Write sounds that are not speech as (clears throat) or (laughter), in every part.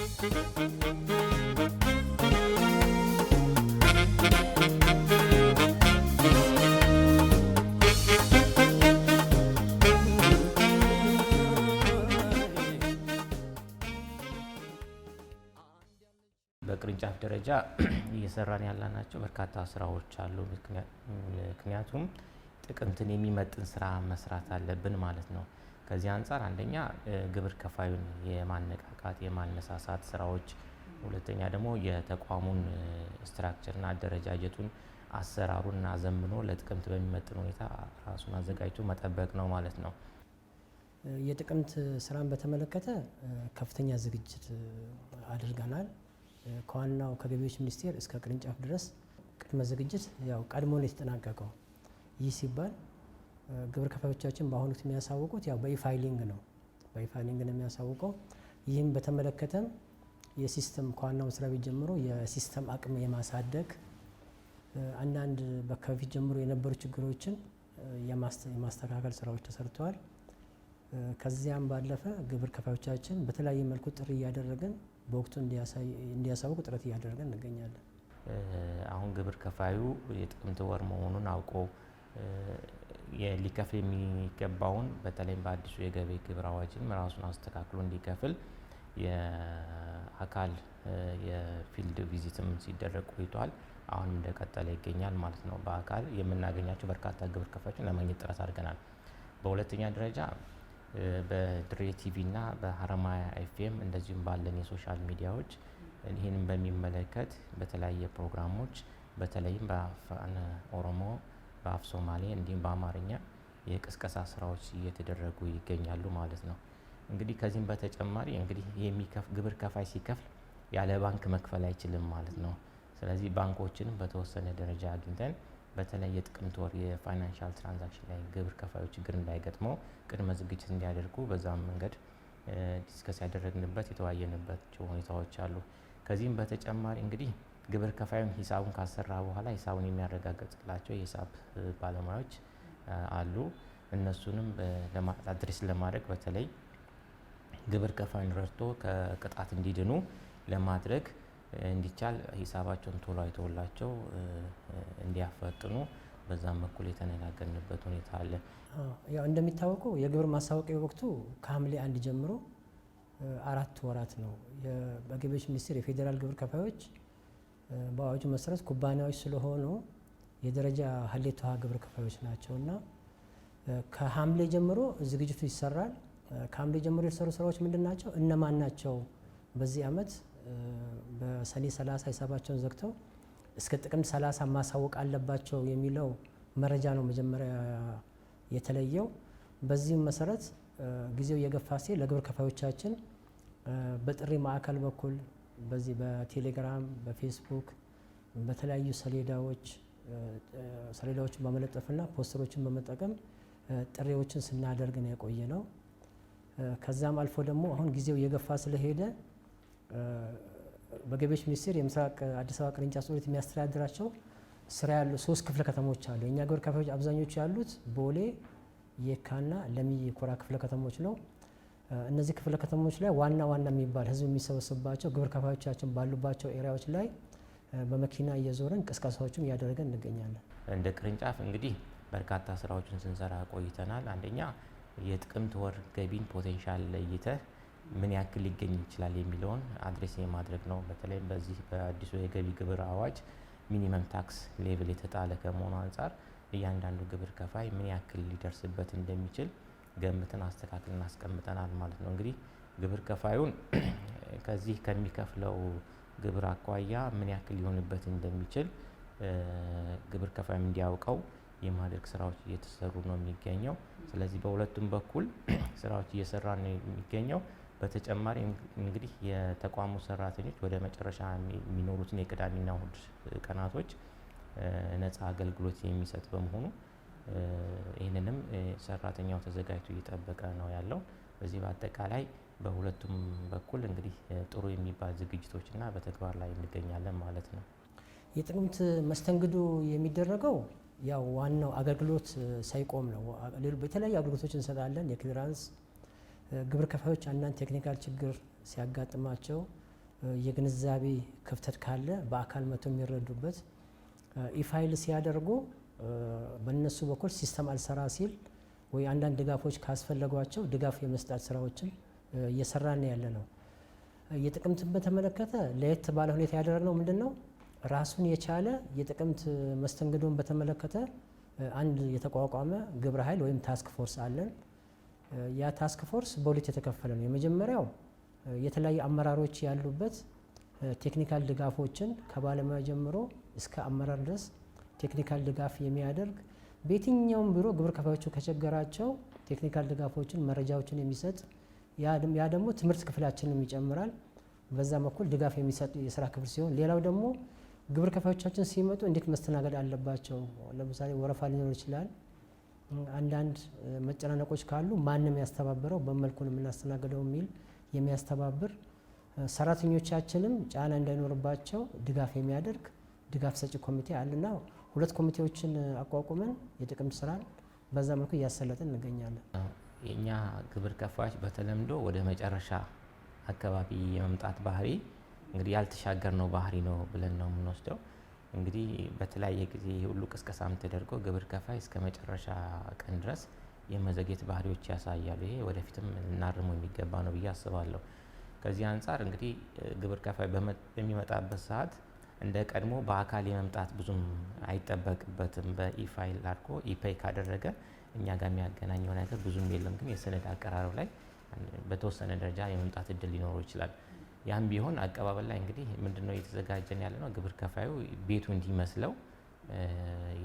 በቅርንጫፍ ደረጃ (clears throat) እየሰራን ያላናቸው በርካታ ስራዎች አሉ። ምክንያቱም ጥቅምትን የሚመጥን ስራ መስራት አለብን ማለት ነው። ከዚህ አንጻር አንደኛ ግብር ከፋዩን የማነቃቃት የማነሳሳት ስራዎች፣ ሁለተኛ ደግሞ የተቋሙን ስትራክቸርና አደረጃጀቱን አሰራሩን አዘምኖ ለጥቅምት በሚመጥን ሁኔታ ራሱን አዘጋጅቶ መጠበቅ ነው ማለት ነው። የጥቅምት ስራን በተመለከተ ከፍተኛ ዝግጅት አድርገናል። ከዋናው ከገቢዎች ሚኒስቴር እስከ ቅርንጫፍ ድረስ ቅድመ ዝግጅት ያው ቀድሞ ነው የተጠናቀቀው። ይህ ሲባል ግብር ከፋዮቻችን በአሁኑ ወቅት የሚያሳውቁት ያው በኢፋይሊንግ ነው። በኢፋይሊንግ ነው የሚያሳውቀው። ይህም በተመለከተም የሲስተም ከዋናው መስሪያ ቤት ጀምሮ የሲስተም አቅም የማሳደግ አንዳንድ በከፊት ጀምሮ የነበሩ ችግሮችን የማስተካከል ስራዎች ተሰርተዋል። ከዚያም ባለፈ ግብር ከፋዮቻችን በተለያየ መልኩ ጥሪ እያደረግን በወቅቱ እንዲያሳውቁ ጥረት እያደረግን እንገኛለን። አሁን ግብር ከፋዩ የጥቅምት ወር መሆኑን አውቆ ሊከፍል የሚገባውን በተለይም በአዲሱ የገቢ ግብር አዋጅም ራሱን አስተካክሎ እንዲከፍል የአካል የፊልድ ቪዚትም ሲደረግ ቆይቷል። አሁንም እንደቀጠለ ይገኛል ማለት ነው። በአካል የምናገኛቸው በርካታ ግብር ከፋዮችን ለማግኘት ጥረት አድርገናል። በሁለተኛ ደረጃ በድሬ ቲቪና በሀረማያ ኤፍኤም እንደዚሁም ባለን የሶሻል ሚዲያዎች ይህንም በሚመለከት በተለያየ ፕሮግራሞች በተለይም በአፋን ኦሮሞ በአፍ ሶማሌ እንዲሁም በአማርኛ የቅስቀሳ ስራዎች እየተደረጉ ይገኛሉ ማለት ነው። እንግዲህ ከዚህም በተጨማሪ እንግዲህ ግብር ከፋይ ሲከፍል ያለ ባንክ መክፈል አይችልም ማለት ነው። ስለዚህ ባንኮችንም በተወሰነ ደረጃ አግኝተን በተለይ የጥቅምት ወር የፋይናንሻል ትራንዛክሽን ላይ ግብር ከፋዩ ችግር እንዳይገጥመው ቅድመ ዝግጅት እንዲያደርጉ በዛም መንገድ ዲስከስ ያደረግንበት የተወያየንባቸው ሁኔታዎች አሉ። ከዚህም በተጨማሪ እንግዲህ ግብር ከፋዩም ሂሳቡን ካሰራ በኋላ ሂሳቡን የሚያረጋግጥላቸው የሂሳብ ባለሙያዎች አሉ። እነሱንም አድሬስ ለማድረግ በተለይ ግብር ከፋዩን ረድቶ ከቅጣት እንዲድኑ ለማድረግ እንዲቻል ሂሳባቸውን ቶሎ አይተውላቸው እንዲያፈጥኑ በዛም በኩል የተነጋገርንበት ሁኔታ አለ። ያው እንደሚታወቀው የግብር ማሳወቂያ ወቅቱ ከሐምሌ አንድ ጀምሮ አራት ወራት ነው። በገቢዎች ሚኒስቴር የፌዴራል ግብር ከፋዮች በአዋጁ መሰረት ኩባንያዎች ስለሆኑ የደረጃ ሀሌት ውሃ ግብር ከፋዮች ናቸው እና ከሐምሌ ጀምሮ ዝግጅቱ ይሰራል። ከሐምሌ ጀምሮ የተሰሩ ስራዎች ምንድን ናቸው? እነማን ናቸው በዚህ ዓመት በሰኔ 30 ሂሳባቸውን ዘግተው እስከ ጥቅምት 30 ማሳወቅ አለባቸው የሚለው መረጃ ነው መጀመሪያ የተለየው። በዚህም መሰረት ጊዜው የገፋ ሲል ለግብር ከፋዮቻችን በጥሪ ማዕከል በኩል በዚህ በቴሌግራም በፌስቡክ በተለያዩ ሰሌዳዎች ሰሌዳዎችን በመለጠፍና ፖስተሮችን በመጠቀም ጥሪዎችን ስናደርግ ነው የቆየ ነው። ከዛም አልፎ ደግሞ አሁን ጊዜው የገፋ ስለሄደ በገቢዎች ሚኒስቴር የምስራቅ አዲስ አበባ ቅርንጫፍ ጽሕፈት ቤት የሚያስተዳድራቸው ስራ ያሉ ሶስት ክፍለ ከተሞች አሉ። የእኛ ግብር ከፋዮች አብዛኞቹ ያሉት ቦሌ፣ የካና ለሚ ኩራ ክፍለ ከተሞች ነው። እነዚህ ክፍለ ከተሞች ላይ ዋና ዋና የሚባል ህዝብ የሚሰበሰብባቸው ግብር ከፋዮቻችን ባሉባቸው ኤሪያዎች ላይ በመኪና እየዞረን ቅስቀሳዎችም እያደረገን እንገኛለን። እንደ ቅርንጫፍ እንግዲህ በርካታ ስራዎችን ስንሰራ ቆይተናል። አንደኛ የጥቅምት ወር ገቢን ፖቴንሻል ለይተህ ምን ያክል ሊገኝ ይችላል የሚለውን አድሬስ የማድረግ ነው። በተለይም በዚህ በአዲሱ የገቢ ግብር አዋጅ ሚኒመም ታክስ ሌቭል የተጣለ ከመሆኑ አንጻር እያንዳንዱ ግብር ከፋይ ምን ያክል ሊደርስበት እንደሚችል ገምትን አስተካክልን አስቀምጠናል ማለት ነው። እንግዲህ ግብር ከፋዩን (clears throat) ከዚህ ከሚከፍለው ግብር አኳያ ምን ያክል ሊሆንበት እንደሚችል ግብር ከፋዩም እንዲያውቀው የማድረግ ስራዎች እየተሰሩ ነው የሚገኘው። ስለዚህ በሁለቱም በኩል (clears throat) ስራዎች እየሰራ ነው የሚገኘው። በተጨማሪ እንግዲህ የተቋሙ ሰራተኞች ወደ መጨረሻ የሚኖሩትን የቅዳሜና እሁድ ቀናቶች ነፃ አገልግሎት የሚሰጥ በመሆኑ ይህንንም ሰራተኛው ተዘጋጅቶ እየጠበቀ ነው ያለው። በዚህ በአጠቃላይ በሁለቱም በኩል እንግዲህ ጥሩ የሚባል ዝግጅቶችና በተግባር ላይ እንገኛለን ማለት ነው። የጥቅምት መስተንግዶ የሚደረገው ያው ዋናው አገልግሎት ሳይቆም ነው። በተለያዩ አገልግሎቶች እንሰጣለን። የክሊራንስ ግብር ከፋዮች አንዳንድ ቴክኒካል ችግር ሲያጋጥማቸው የግንዛቤ ክፍተት ካለ በአካል መቶ የሚረዱበት ኢፋይል ሲያደርጉ በእነሱ በኩል ሲስተም አልሰራ ሲል ወይ አንዳንድ ድጋፎች ካስፈለጓቸው ድጋፍ የመስጠት ስራዎችን እየሰራን ያለ ነው። የጥቅምትን በተመለከተ ለየት ባለ ሁኔታ ያደረግነው ምንድን ነው? ራሱን የቻለ የጥቅምት መስተንግዶን በተመለከተ አንድ የተቋቋመ ግብረ ኃይል ወይም ታስክ ፎርስ አለን። ያ ታስክ ፎርስ በሁለት የተከፈለ ነው። የመጀመሪያው የተለያዩ አመራሮች ያሉበት ቴክኒካል ድጋፎችን ከባለሙያ ጀምሮ እስከ አመራር ድረስ ቴክኒካል ድጋፍ የሚያደርግ በየትኛውም ቢሮ ግብር ከፋዮቹ ከቸገራቸው ቴክኒካል ድጋፎችን መረጃዎችን የሚሰጥ ያ ደግሞ ትምህርት ክፍላችንም ይጨምራል። በዛ በኩል ድጋፍ የሚሰጥ የስራ ክፍል ሲሆን ሌላው ደግሞ ግብር ከፋዮቻችን ሲመጡ እንዴት መስተናገድ አለባቸው። ለምሳሌ ወረፋ ሊኖር ይችላል። አንዳንድ መጨናነቆች ካሉ ማንም ያስተባበረው በመልኩ ነው የምናስተናግደው የሚል የሚያስተባብር ሰራተኞቻችንም ጫና እንዳይኖርባቸው ድጋፍ የሚያደርግ ድጋፍ ሰጪ ኮሚቴ አለና ሁለት ኮሚቴዎችን አቋቁመን የጥቅም ስራን በዛ መልኩ እያሰለጥን እንገኛለን። የእኛ ግብር ከፋዮች በተለምዶ ወደ መጨረሻ አካባቢ የመምጣት ባህሪ እንግዲህ ያልተሻገር ነው ባህሪ ነው ብለን ነው የምንወስደው። እንግዲህ በተለያየ ጊዜ ሁሉ ቅስቀሳም ተደርጎ ግብር ከፋይ እስከ መጨረሻ ቀን ድረስ የመዘግየት ባህሪዎች ያሳያሉ። ይሄ ወደፊትም ልናርሙ የሚገባ ነው ብዬ አስባለሁ። ከዚህ አንጻር እንግዲህ ግብር ከፋይ በሚመጣበት ሰዓት እንደ ቀድሞ በአካል የመምጣት ብዙም አይጠበቅበትም። በኢፋይል አድርጎ ኢፔይ ካደረገ እኛ ጋር የሚያገናኘው ነገር ብዙም የለም። ግን የሰነድ አቀራረብ ላይ በተወሰነ ደረጃ የመምጣት እድል ሊኖረው ይችላል። ያም ቢሆን አቀባበል ላይ እንግዲህ ምንድነው እየተዘጋጀን ያለ ነው፣ ግብር ከፋዩ ቤቱ እንዲመስለው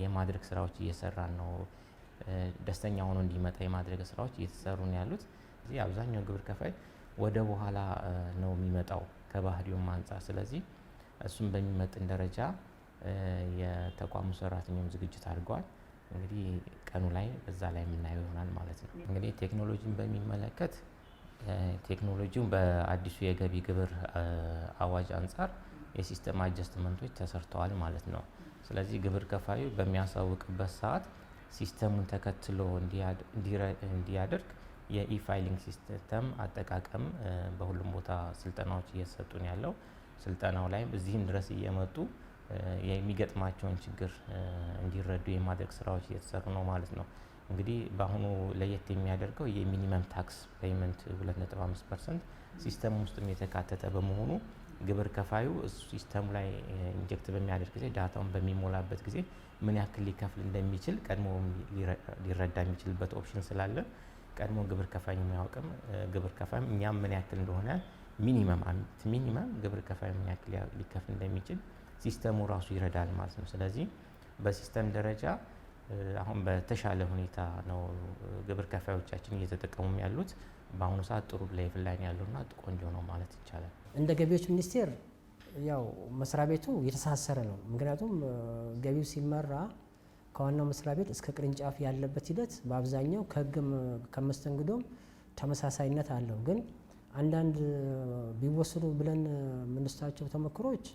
የማድረግ ስራዎች እየሰራን ነው። ደስተኛ ሆኖ እንዲመጣ የማድረግ ስራዎች እየተሰሩ ነው ያሉት። እዚህ አብዛኛው ግብር ከፋይ ወደ በኋላ ነው የሚመጣው ከባህሪውም አንጻር ስለዚህ እሱም በሚመጥን ደረጃ የተቋሙ ሰራተኛም ዝግጅት አድርገዋል። እንግዲህ ቀኑ ላይ በዛ ላይ የምናየው ይሆናል ማለት ነው። እንግዲህ ቴክኖሎጂን በሚመለከት ቴክኖሎጂውን በአዲሱ የገቢ ግብር አዋጅ አንጻር የሲስተም አጀስትመንቶች ተሰርተዋል ማለት ነው። ስለዚህ ግብር ከፋዩ በሚያሳውቅበት ሰዓት ሲስተሙን ተከትሎ እንዲያደርግ የኢፋይሊንግ ሲስተም አጠቃቀም በሁሉም ቦታ ስልጠናዎች እየተሰጡን ያለው ስልጠናው ላይም እዚህም ድረስ እየመጡ የሚገጥማቸውን ችግር እንዲረዱ የማድረግ ስራዎች እየተሰሩ ነው ማለት ነው። እንግዲህ በአሁኑ ለየት የሚያደርገው የሚኒመም ታክስ ፔይመንት 2.5 ፐርሰንት ሲስተም ውስጥም የተካተተ በመሆኑ ግብር ከፋዩ ሲስተሙ ላይ ኢንጀክት በሚያደርግ ጊዜ ዳታውን በሚሞላበት ጊዜ ምን ያክል ሊከፍል እንደሚችል ቀድሞ ሊረዳ የሚችልበት ኦፕሽን ስላለ ቀድሞ ግብር ከፋይ የሚያውቅም ግብር ከፋይም እኛም ምን ያክል እንደሆነ ሚኒመም አሚት ሚኒመም ግብር ከፋይ ምን ያክል ሊከፍል እንደሚችል ሲስተሙ ራሱ ይረዳል ማለት ነው። ስለዚህ በሲስተም ደረጃ አሁን በተሻለ ሁኔታ ነው ግብር ከፋዮቻችን እየተጠቀሙም ያሉት። በአሁኑ ሰዓት ጥሩ ላይፍ ላይ ያለውና ቆንጆ ነው ማለት ይቻላል። እንደ ገቢዎች ሚኒስቴር ያው መስሪያ ቤቱ የተሳሰረ ነው። ምክንያቱም ገቢው ሲመራ ከዋናው መስሪያ ቤት እስከ ቅርንጫፍ ያለበት ሂደት በአብዛኛው ከህግም ከመስተንግዶም ተመሳሳይነት አለው ግን አንዳንድ ቢወሰዱ ብለን የምንስታቸው ተሞክሮች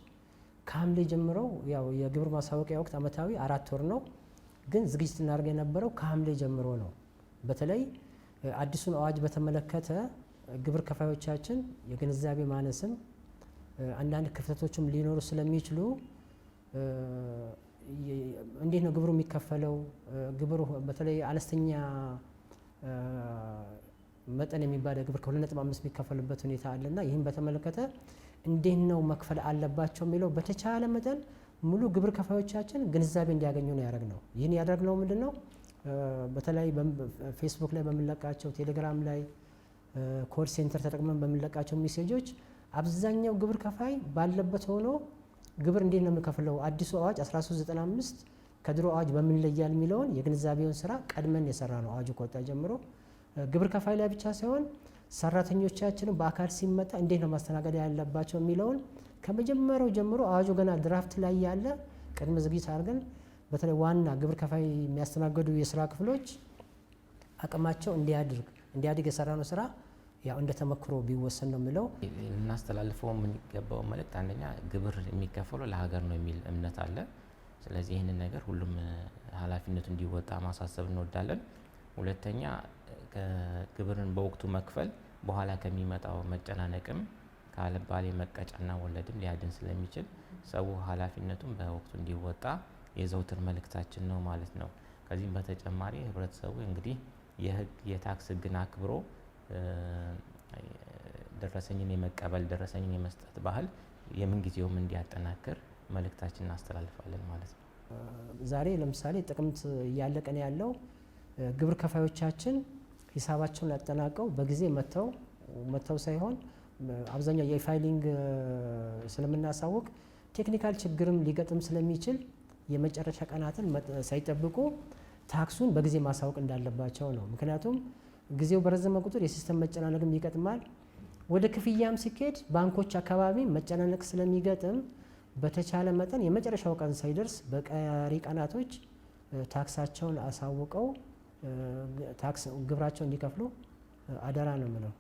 ከሐምሌ ጀምረው ያው የግብር ማሳወቂያ ወቅት አመታዊ አራት ወር ነው፣ ግን ዝግጅት እናደርግ የነበረው ከሐምሌ ጀምሮ ነው። በተለይ አዲሱን አዋጅ በተመለከተ ግብር ከፋዮቻችን የግንዛቤ ማነስም አንዳንድ ክፍተቶችም ሊኖሩ ስለሚችሉ እንዴት ነው ግብሩ የሚከፈለው? ግብሩ በተለይ አነስተኛ መጠን የሚባለ ግብር ከ2.5 የሚከፈልበት ሁኔታ አለና ይህም በተመለከተ እንዴት ነው መክፈል አለባቸው የሚለው በተቻለ መጠን ሙሉ ግብር ከፋዮቻችን ግንዛቤ እንዲያገኙ ነው ያደረግነው። ይህን ያደረግነው ምንድን ነው በተለይ ፌስቡክ ላይ በምንለቃቸው፣ ቴሌግራም ላይ ኮል ሴንተር ተጠቅመን በምንለቃቸው ሜሴጆች አብዛኛው ግብር ከፋይ ባለበት ሆኖ ግብር እንዴት ነው የሚከፍለው አዲሱ አዋጅ 1395 ከድሮ አዋጅ በምን ይለያል የሚለውን የግንዛቤውን ስራ ቀድመን የሰራ ነው አዋጁ ከወጣ ጀምሮ ግብር ከፋይ ላይ ብቻ ሳይሆን ሰራተኞቻችንን በአካል ሲመጣ እንዴት ነው ማስተናገድ ያለባቸው የሚለውን ከመጀመሪያው ጀምሮ አዋጁ ገና ድራፍት ላይ ያለ ቅድመ ዝግጅት አድርገን በተለይ ዋና ግብር ከፋይ የሚያስተናገዱ የስራ ክፍሎች አቅማቸው እንዲያድርግ እንዲያድግ የሰራ ነው ስራ ያው እንደ ተመክሮ ቢወሰን ነው የሚለው። እናስተላልፈው የምንገባው መልእክት አንደኛ ግብር የሚከፈለው ለሀገር ነው የሚል እምነት አለ። ስለዚህ ይህንን ነገር ሁሉም ኃላፊነቱ እንዲወጣ ማሳሰብ እንወዳለን። ሁለተኛ ግብርን በወቅቱ መክፈል በኋላ ከሚመጣው መጨናነቅም ካለባሌ መቀጫና ወለድም ሊያድን ስለሚችል ሰው ኃላፊነቱን በወቅቱ እንዲወጣ የዘውትር መልእክታችን ነው ማለት ነው። ከዚህም በተጨማሪ ህብረተሰቡ እንግዲህ የህግ የታክስ ህግን አክብሮ ደረሰኝን የመቀበል ደረሰኝን የመስጠት ባህል የምንጊዜውም እንዲያጠናክር መልእክታችን እናስተላልፋለን ማለት ነው። ዛሬ ለምሳሌ ጥቅምት እያለቀን ያለው ግብር ከፋዮቻችን ሂሳባቸውን አጠናቀው በጊዜ መተው መተው ሳይሆን አብዛኛው የፋይሊንግ ስለምናሳውቅ ቴክኒካል ችግርም ሊገጥም ስለሚችል የመጨረሻ ቀናትን ሳይጠብቁ ታክሱን በጊዜ ማሳወቅ እንዳለባቸው ነው። ምክንያቱም ጊዜው በረዘመ ቁጥር የሲስተም መጨናነቅም ይገጥማል። ወደ ክፍያም ሲኬድ ባንኮች አካባቢ መጨናነቅ ስለሚገጥም በተቻለ መጠን የመጨረሻው ቀን ሳይደርስ በቀሪ ቀናቶች ታክሳቸውን አሳውቀው ታክስ ግብራቸው እንዲከፍሉ አደራ ነው የምለው።